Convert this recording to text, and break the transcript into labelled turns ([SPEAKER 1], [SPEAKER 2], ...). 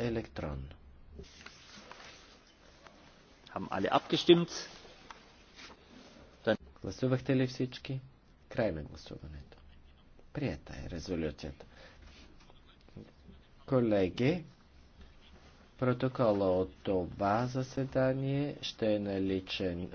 [SPEAKER 1] електронно.
[SPEAKER 2] Гласувахте ли всички? Край на гласуването.
[SPEAKER 3] Прията е резолюцията.
[SPEAKER 2] Колеги, протокола от това заседание ще е наличен